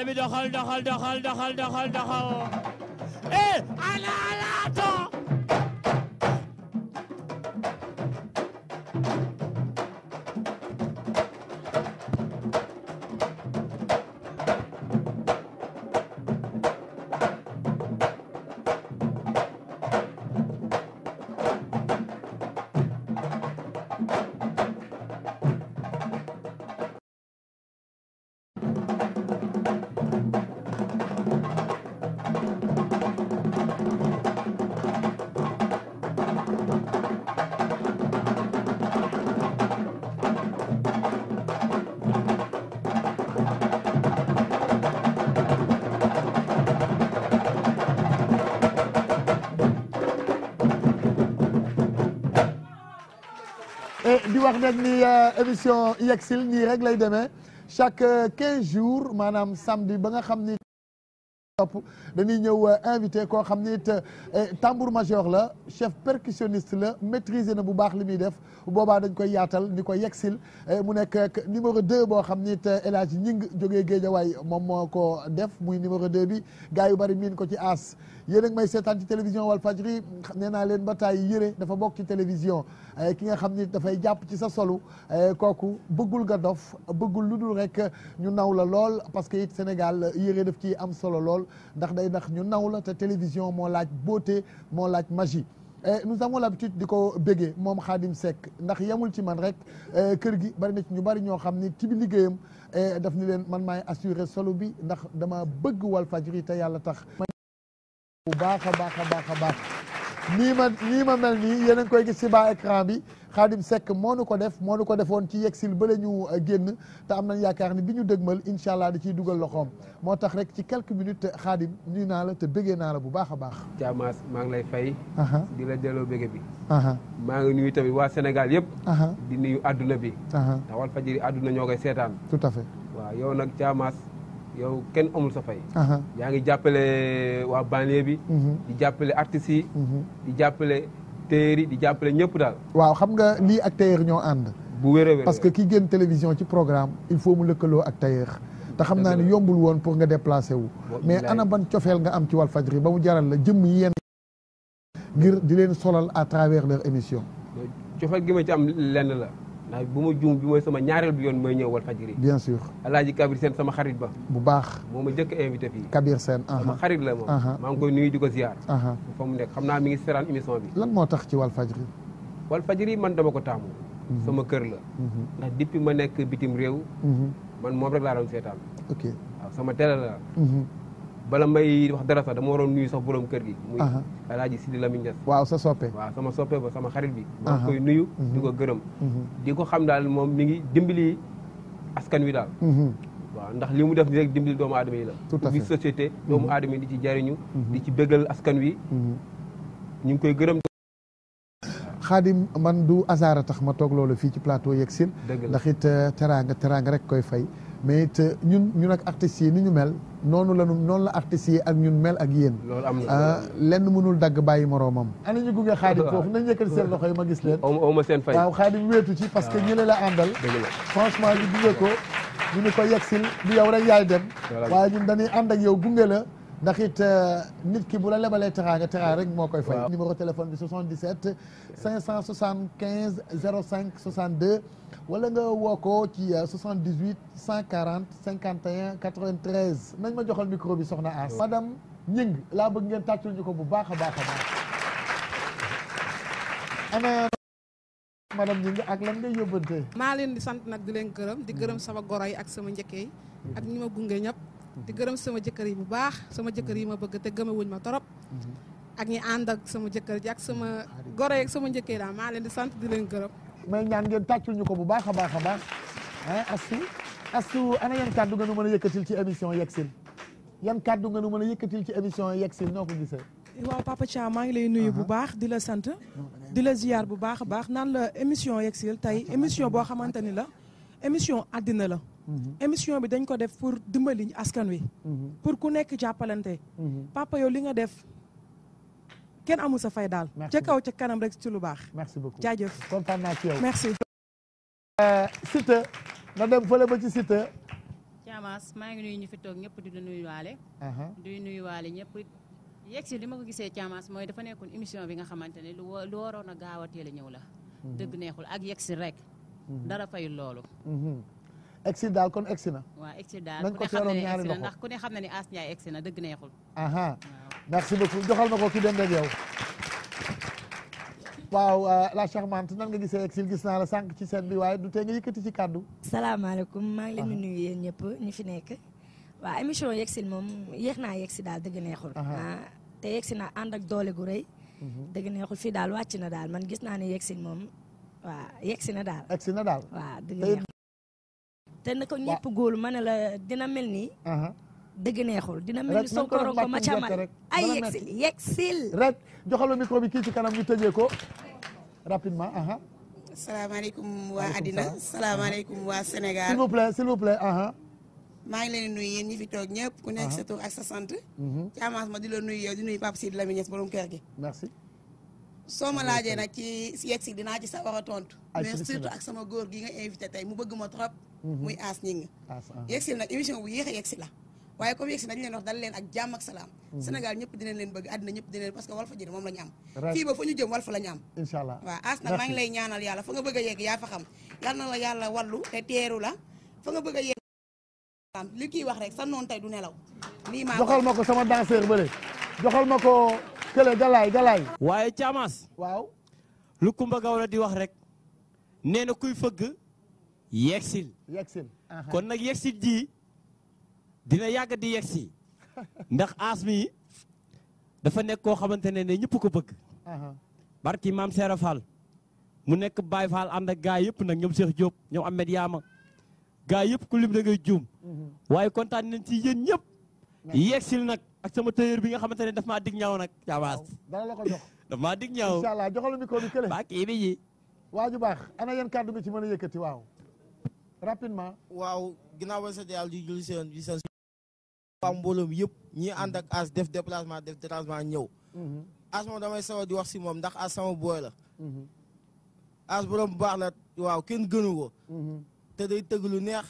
xale bi doxal doxal doxal doxal doxal doxal eh ala ala di wax nag ni euh, émission yegsil nii rek lay demee chaque euh, quinze jours maanaam samedi ba nga xam ni topp dañuy ñëw euh, invité koo xam ni it tambour major la chef percussionniste la maîtriser na bu baax li muy def boobaa dañ koy yaatal ni ko yegsil mu nekk numéro 2 boo xam ni it El Hadj Ñing jógee Géejawaay moom moo ko def muy numéro 2 bi gars yu bari miin ko ci aas yéen ak may seetaan ci télévision Walfadjri nee naa leen ba taay yére dafa bokk ci télévision eh, ki nga xam ni dafay jàpp ci sa solu eh, kooku bëggul nga dof bëggul lu dul rek ñu naw la lool parce que it Sénégal yére daf ci am solo lool ndax day ndax ñu naw la te télévision moo laaj beauté moo laaj magie Et eh, nous avons di ko béggee moom Khadim Seck ndax yamul ci man rek kër gi bari na ci ñu bari ñoo xam ni ci bi liggéeyam daf ni leen man maay assurer solo bi ndax dama bëgg Walfadjri te yàlla tax bu baax a baax a baax a baax nii ma nii ma mel nii yéen koy gis ci bas écran bi Xaadim Seck moo nu ko def moo nu ko defoon ci yegsil ba la ñu euh, génn te am nañ yaakaar ni bi ñu dëgmal incha allah da ciy dugal loxoom moo tax rek ci quelques minutes Xaadim nuyu naa la te bëggee naa la bu baax a baax. Thiamas maa ngi lay fay. di la delloo bëgge bi. maa ngi nuyu tamit waa Sénégal yëpp. di nuyu àdduna bi. ndax Walfadjri àdduna ñoo koy seetaan. tout à fait waaw yow nag Thiamas. yow kenn amul sa fay yaa ngi jàppale waa banlieue bi mhm. di jàppale artistes yi mhm. di jàppale téer di jàppale ñëpp daal waaw xam nga lii ak tailleur ñoo ànd bu wér parce que kii génn télévision ci programme il faut mu lëkkaloo ak tailleur te xam naa ne yombul woon pour nga déplacé wu mais ana ban cofeel nga am ci Walfadjri ba mu jaral la jëmm yeen ngir di leen solal à travers leur émission cofeel gi ma ci am lenn la ndax bu ma juum bi mooy sama ñaareel bi yoon mooy ñëw wal fajiri bien sûr alaaji Kabir Sène sama xarit ba bu baax moo ma jëkk invité fii Kabir seen sama xarit la moom maa ngi koy di ko ziar fa mu nekk xam naa mi ngi seetaan émission bi lan moo tax ci wal fajiri wal fajiri man dama ko taamu mhm. sama kër la mhm. ndax depuis ma nekk bitim réew mhm. man moom rek laa doon seetaan ok sama télé la bala may wax dara sax dama waroon nuyu sax borom kër gi muy alaaji Sidi Lamine Niass waaw sa soppe waaw sama soppe ba sama xarit bi ma koy nuyu di mhm. ko gërëm mhm. di ko xam daal moom mi ngi dimbali askan wi daal mhm. waaw ndax li mu def ni rek dimbali doomu aadama yi la tout à fait société doomu aadama di ci jariñu di ci bëggal askan wi ñu ngi koy gërëm xaadim man du hasard tax ma toog loolu fii ci plateau yegg sil ndax it eh, teraanga teraanga rek koy fay mais te ñun ñun ak artistes yi ni ñu mel noonu la noonu la artistes yi ak ñun mel ak yéen. Ah, lenn mënul dagg bàyyi moroomam. ana ñu gunge xaadim foofu nañ yëkkati seen loxo yi ma gis leen. aw ma seen fay waaw xaadim wéetu ci parce que ah. ñële la àndal. franchement ñu gunge ko ñu ni ko yegsil du yow rek yaay dem. waaye ñun dañuy ànd ak yow gunge la. ndax it euh, nit ki bu la lebalee teraanga teraanga rek moo koy fay. numéro téléphone bi 77 575 05 62 wala nga woo ko ci 78 140 51 93 nañ ma joxal micro bi soxna As. madame Ñing laa bëgg ngeen tàccul ko bu baax a baax a baax. ana madame Ñing ak lan ngay yóbbante. maa leen di sant nag di leen gërëm di gërëm sama goro yi ak sama njëkkee ak ñi ma gunge ñëpp. di gërëm sama jëkkër yi bu baax sama jëkkër yi ma bëgg te gëmewuñ ma torop ak ñi ànd ak sama jëkkër ji ak sama goro yeeg sama njëkkee daal maa leen di sant di leen gërëm may ñaan ngeen tàccul ñu ko bu baax a baax a baax ah astu astu ana yan kàddu nga nu mën a yëkkatil ci émission yegsil yan kàddu nga nu mën a yëkkatil ci émission yegsil noo ko gisee waaw Papa maa ngi lay nuyu bu baax di la sant di la ziyaar bu baax a baax naan la émission yegsil tey émission boo xamante ni la émission àddina la Mm-hmm. émission bi dañ ko def pour dimbali askan wi. Mm-hmm. pour ku nekk jàppalante. Mm-hmm. papa yow li nga def kenn amul sa fay daal. ca kaw ca kanam rek ci lu baax. merci beaucoup jaajëf kontaan naa ci yow merci. Euh, Siteu na dem fële ba ci Siteu. Thiamas maa ngi nuyu ñu fi toog ñëpp di nuyu waale. Uh-huh. di nuyu waale ñëpp yegg si li ma ko gisee Thiamas mooy dafa nekkoon émission bi nga xamante ne lu lu waroon a gaaw a teel ñëw la. dëgg neexul ak yegg si rek. dara fayul loolu. egsi daal kon egsi na. waaw egsi daal nañ ko ku ne xam na ne As Ndiaye egsi na dëgg neexul. aha merci beaucoup joxal ma ko ki dend ak yow. waaw euh, la charmante nan nga gisee exil gis naa la sànq ci seen bi waaye du tee nga yëkkati ci kàddu. salaamaaleykum maa ngi leen di nuyu yéen ñëpp ñi fi nekk. waaw émission yegsil moom yéex naa yegsi daal dëgg neexul. te yegsi na ànd ak doole gu rëy. Mhm. dëgg neexul fii daal wàcc na daal man gis naa ne yegsil moom waa yegsi na daal. egsi te na ko ñëpp góolu ma ne la dina mel nii dëgg neexul dina mel ni soo ko roon ma camal ay yegsil yegsil rek joxalo micro bi kii ci kanam ñu tëjee rapidement aha salaamaaleykum waa àddina salaamaaleykum waa Sénégal s'il vous plaît s'il aha maa ngi leen nuyu yéen ñi fi toog ñëpp ku nekk sa tur ak sa sant mhm. ma di loo nuy yow di nuyu Pape Sidi Lamine Niass borom kër gi merci soo ma laajee nag ci yegg dinaa ci sa war a tontu. mais surtout ak sama góor gi nga invité tey mu bëgg trop. Mhm. muy aas ñi ngi. yegg nag émission bu yéex a yegg si la. waaye comme yegg si dañu leen wax dal leen ak jàmm ak salaam. Mhm. bëgg àddina ñëpp dinañ parce que Walfadjri moom la ñu am. fii ba fa ñu jëm Walfa la ñu am. allah waaw aas nag lay ñaanal yàlla fa nga bëgg a yegg yaa fa xam. yàlla wallu te teeru la fa nga bëgg a yegg. li kii wax rek sa noonu tey du nelaw. joxal ma kële galaay galaay waaye caamaas waaw lu Kumba Gawla di wax rek nee na kuy fëgg yegsil yegsil kon nag yegsil ji dina yàgg di yegsi ndax aas mi dafa nekk koo xamante ne ne ñëpp ko bëgg barki maam Seera Fall mu nekk Baye Fall ànd ak gaa yëpp nag ñoom Cheikh Diop ñoom Ahmed Yaama gaa yëpp ku lim da juum mhm. waaye kontaan nañ ci yéen ñëpp yegsil nag ak sama tailleur bi nga xamante ne daf maa dig ñaaw nag. caabaas dana la ko jox. daf maa dig ñaaw incha allah joxal micro bi kële. waa kii bi ji. waa baax ana yan kàddu ci mën a yëkkati waaw. rapidement. waaw ginnaaw ba sant yàlla di julli seen di sant. waa mbooloo mi yëpp ñi ànd ak as def déplacement def dérangement ñëw. Mm-hmm. as moom damay sawar di wax si moom ndax as sama booy la. Mm-hmm. as borom bu baax la waaw kenn gënu ko. Mm-hmm. te day tëgg lu neex.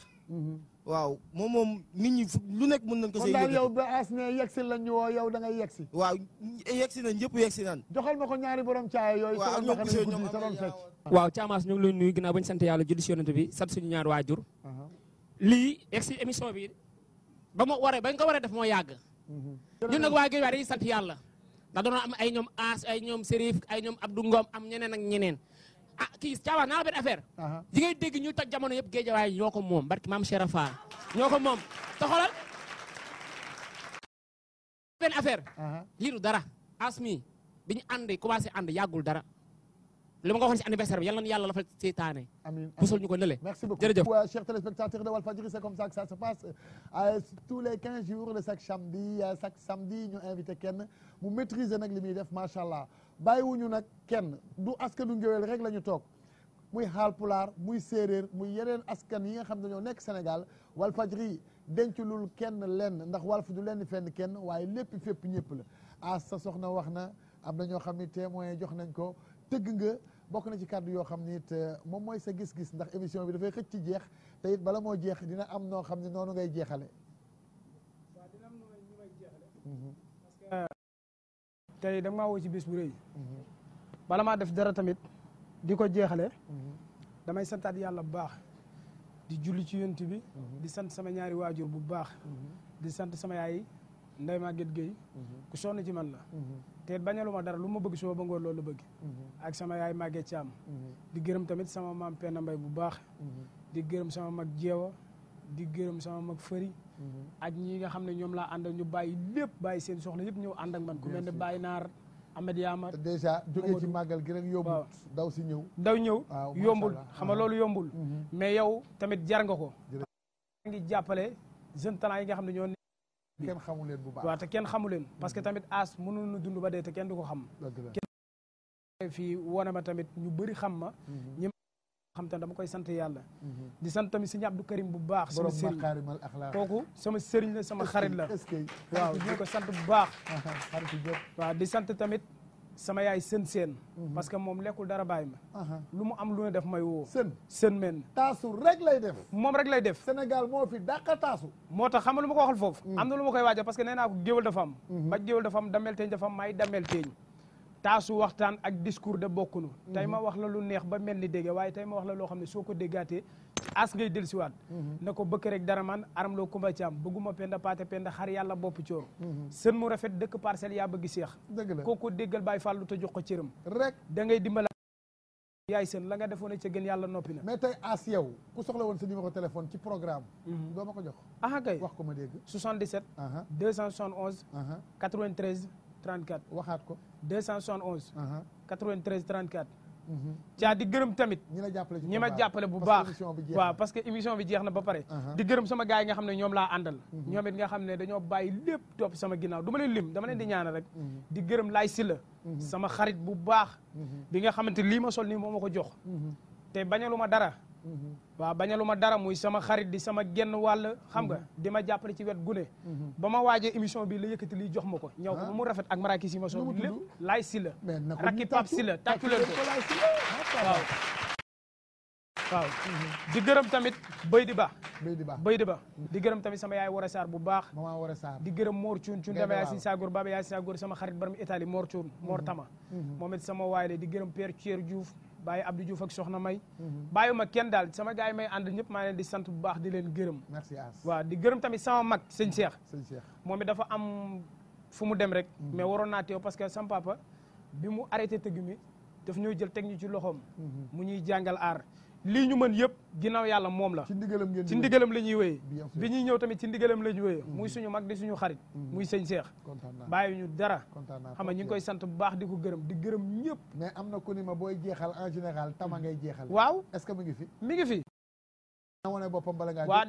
waaw moom moom nit ñi lu nekk mën nañ ko see daal yow ba as ne yegsi lañ ñu woo yow da ngay yegsi waaw yegsi nañ ñëpp yegsi nañ joxal ma ko ñaari borom caaya yooyu waaw ñoom gisee ñoom saroon fecc waaw caamaas ñu ngi leen nuyu ginnaaw bañ sant yàlla julli si yonent bi sant suñu ñaar waajur uh-huh. lii yegsi émission bi ba ma waree bañ ko waree def moo yàgg uh-huh. ñun nag waa Guédiawaye dañuy sant yàlla ndax doon am ay ñoom aas ay ñoom Serif ay ñoom Abdou Ngom am ñeneen ak ñeneen ah kii caabaan naa la affaire di ngay dégg ñu ta jamono yëpp géejawaay ñoo ko moom barki maam Cheikh Fall ñoo ko moom te xoolal benn affaire lii du dara asmi bi ñu ànd commencé ànd yàggul ko waxoon si anniversaire bi yal na yàlla la fa seetaane. amiin pusul ñu ko nële. merci beaucoup jërëjëf waa chers téléspectateurs de Walfadjri c'est comme ça que ça se passe euh, tous les 15 jours de chaque samedi euh, chaque samedi ñu invité kenn mu maîtriser nag li muy def macha allah. bàyyiwuñu nag kenn du askanu ngéwél rek la ñu toog muy haalpulaar muy séeréer muy yeneen askan yi nga xam ne ñoo nekk Sénégal denc denculul kenn lenn ndax Walf du lenn fenn kenn waaye lépp fépp ñëpp la as ah, sa soxna wax na am na ñoo xam ni témoin jox nañ ko tëgg nga bokk na ci kàddu yoo xam ni it euh, moom mooy sa gis-gis ndax émission bi dafay xëcc jeex te it bala moo jeex dina am noo xam ne noonu ngay jeexale tey da nga ci bis bu rëy mhm. bala maa def dara tamit di ko jeexale mhm. damay santaat yàlla bu baax di julli ci yonent bi mhm. di sant sama ñaari waajur bu baax di sant sama yaay nday Maguette Gueye ku sonn ci man la te bañalu ma dara lu ma bëgg soo ba ngoon loolu bëgg ak sama yaay Maguette Thiam di gërëm tamit sama maam Penda mbay bu baax di gërëm sama mag jeewa di gërëm sama mag fëri ak ñi nga xam ne ñoom laa àndal ñu bàyyi lépp bàyyi seen soxla yëpp ñëw ànd ak man ku mel ne bàyyi naar Ahmed Yamar déjà jógee ci màggal gi rek yombul daw si ñëw daw ñëw yombul xam nga ah. loolu yombul mhm. mais yow tamit jar nga ko jàppale jeune yi nga xam ne ñoo ne kenn xamu leen bu baax waaw te kenn xamu leen parce que mhm. tamit as mënul na dund ba dee te kenn du ko xam kenn fii wone ma tamit ñu bëri xam ma mhm. xam te ne dama koy sant yàlla mm-hmm. di sant tamit sëñ Abdou Karim bu baax sama sëriñ kooku sama sëriñ la sama xarit la waaw di ko sant bu baax waaw di tamit sama yaay sën seen mm-hmm. parce que moom lekkul dara baay ma uh-huh. lu mu am lu ne def may woo sën sën men taasu rek lay def moom rek lay def Sénégal moo fi dàqa taasu moo tax xam nga lu ma ko mm. na lu koy waajal parce nee naa ko géwal dafa am mm-hmm. ba géwal da am damel teeñ dafa am maay damel teeñ taasu waxtaan ak discours de bokkunu mhm. tey ma wax la lu neex ba mel ni dégge waaye tey ma wax la loo xam ne soo ko déggaatee as ngay dellusiwaat mhm. na ko bëkk rek dara man aram loo kumba caam bëgguma penda paate penda xar yàlla bopp coor mhm. sën mu rafet dëkk parcelle yaa bëgg seex dëgg la kooku déggal bàyyi fàllu te jox ko cëram rek da ngay dimbala yaay seen la nga defoon a gën yàlla noppi na mais tey as yow ku soxla woon sa numéro téléphone ci programme doo ma ko jox ah kay wax ko ma dégg 77 271 34 waxaat ko 271. 93 34. caa di gërëm tamit. ñi la jàppale ñi ma jàppale bu baax. waaw parce que émission bi jeex na ba pare. di gërëm sama gars yi xam ne ñoom laa àndal. Mhm. ñoom it nga xam ne dañoo bàyyi lépp topp sama ginnaaw du ma leen lim dama leen di mhm. ñaanal rek. Mhm. di gërëm laay si la. sama xarit bu baax. bi nga xamante lii ma sol nii moo ma ko jox. te ma dara. waaw bañaluma dara muy sama xarit di sama genn wàll xam nga mhm. di ma jàppale ci wet gune mhm. ba ma waajee émission bi la yëkkati lii jox ma ko ñëw ko ah. mu rafet ak maraakis yi ma sol lépp laay si la rakki pap si la tàccu leen ko waaw waaw mhm. di gërëm tamit bay di ba bay di ba di gërëm tamit sama yaay war a saar bu baax maman war a di gërëm moor cuun cuun dama yaay sin sagoor sama xarit baram itali moor cuun moor tama moom sama waay la di gërëm père Thier Diouf bàyyi Abdou Diouf ak Soxna May mhm. bàyyi ma kenn daal sama gars yi may ànd ñëpp maa leen di sant bu baax di leen gërëm merci waaw di gërëm tamit sama mag sëñ Cheikh sëñ Cheikh moom it dafa am fu mu dem rek mhm. mais waroon naa teew parce que sama bi mu arrêté tëgg mi daf ñoo jël teg ñu ci loxoom mhm. mu ñuy jàngal aar lii ñu mën yëpp ginnaaw yàlla moom la ci ndigalam la ñuy wéyee bi ñuy ñëw tamit ci ndigalam la ñuy wéyee mm-hmm. muy suñu mag di suñu xarit mm-hmm. muy sëñ Cheikh bàyyi ñu dara xam nga ñu ngi koy sant bu baax di ko gërëm di gërëm ñëpp mais am na ku ni ma booy jeexal en général tama ngay jeexal waaw est-ce ngi fi mi ngi fi na wane boppam bala ngaa waa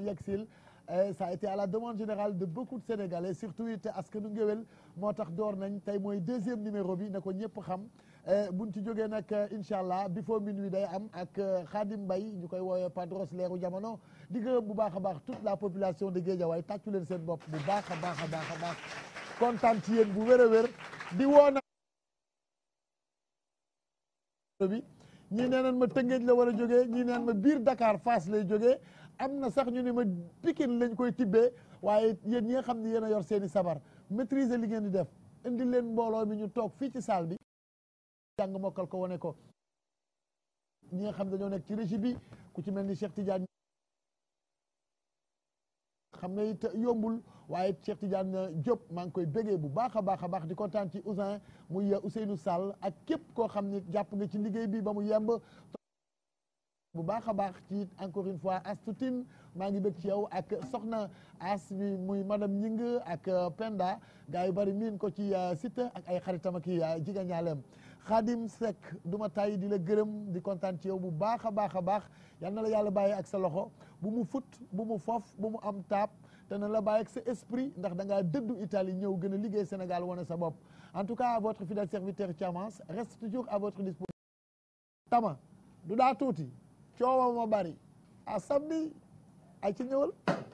yegsil et euh, ça a été à la demande générale de beaucoup de Sénégalais surtout it askanu ngéwél moo tax door nañ tey mooy deuxième numéro bi na ko ñëpp xam euh, buñ ci jógee nag incha allah before minuit day am ak euh, Khadim Mbaye ñu koy woowee Padros leeru jamono di gërëm bu baax a baax toute la population de Guédiawaye tàccu leen seen bopp bu baax a baax a baax a baax kontaan ci yéen bu wér a wér di woona bi ñii nee nañ ma Tëngéej la war a jógee ñii neen ma biir Dakar Fass lay jógee am na sax ñu ni ma Pikine lañ koy tibbe waaye yéen ñi xam ne yéen a yor seen i sabar maîtriser li ngeen di def indi leen mbooloo mi ñu toog fii ci saal bi jàng mokkal ko wane ko ñi nga xam dañoo nekk ci régie bi ku ci mel ni Cheikh Tidiane xam ne it yombul waaye Cheikh na euh, Diop maa ngi koy bégee bu baax a baax a baax di kontaan ci Ousin muy euh, Ousseynou Sall ak képp koo xam ne jàpp nga ci liggéey bi ba mu yemb bu baax a baax ci encore une fois astutine maa ngi bëgg ci yow ak soxna as bi muy madame Ñing ak euh, Penda gars yu bari miin ko ci site ak ay xaritam ak i jigéen ñaaleem Khadim Seck du ma tàyyi di la gërëm di kontaan ci yow bu baax a baax a baax yal na la yàlla bàyyi ak sa loxo bu mu fut bu mu fof bu mu am taab te na la bàyyi ak sa esprit ndax da ngaa dëddu Italie ñëw gën a liggéey Sénégal wane sa bopp en tout cas votre fidèle serviteur Thiamance reste toujours à votre disposition. Tama du daa tuuti coowam ma bari à samedi ay ci ñëwal.